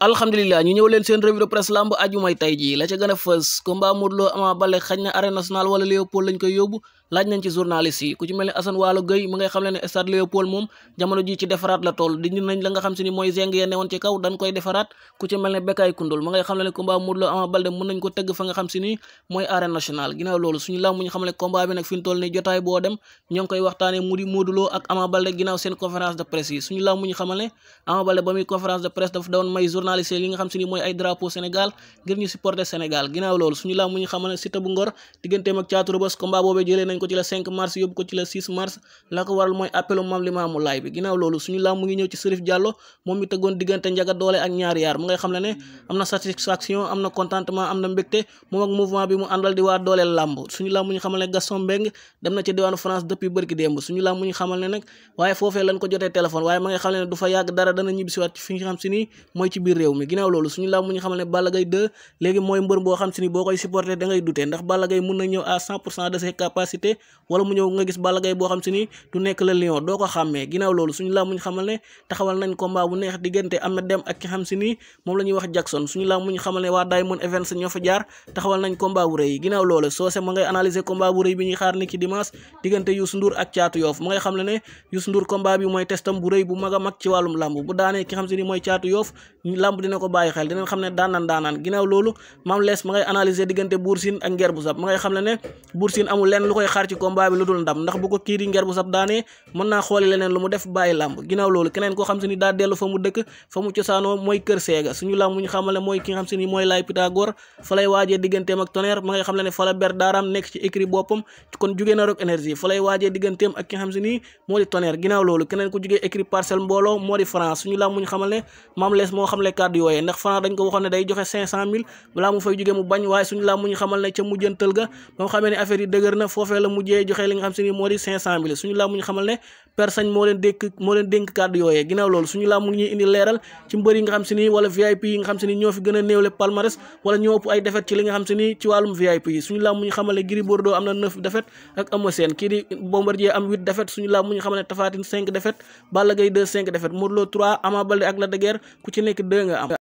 alhamdulilah ñu ñëw seen revue de presse lamb aju may tey jii la ca gën fës combat Modou Lo Ama Baldé xañ na arène nationale wala Léopold lañ koy yóbbu laaj nañ ci journaliste yi ku ci mel ne Assane Waalo Gueye mu ngay xam ne stade Léopold moom jamono ji ci defaraat la toll di nga xam si ni mooy zeng ya newoon ci kaw dañ koy defaraat ku ci mel ne Bekay Koundoul mu ngay xam ne combat nag fi toll ni jotaay boo dem ñoo koy waxtaane mu di journaliste yi li nga xam si ni mooy ay drapeau Sénégal ngir ñu supporter Sénégal ginnaaw loolu suñu làmb ñu xamal ne Siteu bu Ngor digganteem ak Thiatou Rebeuss combat boobee jëlee nañ ko ci la mars yóbbu ko ci la mars la ko waral mooy appelu Mame Limamou Laye bi ginnaaw loolu suñu làmb ngi ñëw ci Serif Diallo moom mi tëggoon diggante Njaga Doole ak ñaar yaar mu ngay xam ne ne am na satisfaction am na contentement am na mbégte moom ak mouvement bi mu àndal di réew mi ginnaaw loolu suñu ñu xamal ne xamal ne taxawal nañ combat bu neex diggante Ahmed Dem ak ki xam si ni moom la wax Jackson suñu làmb ñu xamal ne waa Diamond Events ñoo fa jaar taxawal nañ combat bu rëy ginnaaw loolu soosé ma ngay analyser combat bu rëy bi ñuy xaar ni ki dimanche diggante Youssou Ndour ak Thiatou Yoff ma ngay xam ne Youssou Ndour combat bi mooy testam bu rëy bu mag a mag ci wàllum làmb bu daanee ki xam si ni mooy Thiatou Yoff lamb dina ko bàyyi xel dinañ xam ne loolu maam lees ma ngay analyser diggante buur ak nger bu sab ma ngay xam ne ne amul lenn lu koy xaar ci combat lu dul ndam ndax bu ko kii nger bu sab daanee ma ngay xam ne fa la ber daaraam nekk ci écrit boppam kon jugee na rok énergie fa lay waajee digganteem ak ki xam se ni moo di tonnerre ginnaaw loolu keneen ku jugee écrit parcelle mbooloo moo di France suñu lamb ñu xamal ne maam lees moo kàddu yooyee ndax Franc dañ ko waxoon ne day joxe cinq cent mille balaa mu fay jóge mu bañ waaye suñu laa mu xamal ne ca mujjantal ga ba nga xamee ne affaire yi dëgër na foofee la mujjee joxe li nga xam se ni moo di cinq cent mille suñu laa mu xamal ne personne moo moo leen dénk kàddu yooyee ginnaaw loolu suñu laa mu indi leeral ci mbër yi nga xam se ni wala VIP yi nga xam se ni ñoo fi gën a néewle palmarès wala ñoo ëpp ay defet ci li nga xam nga am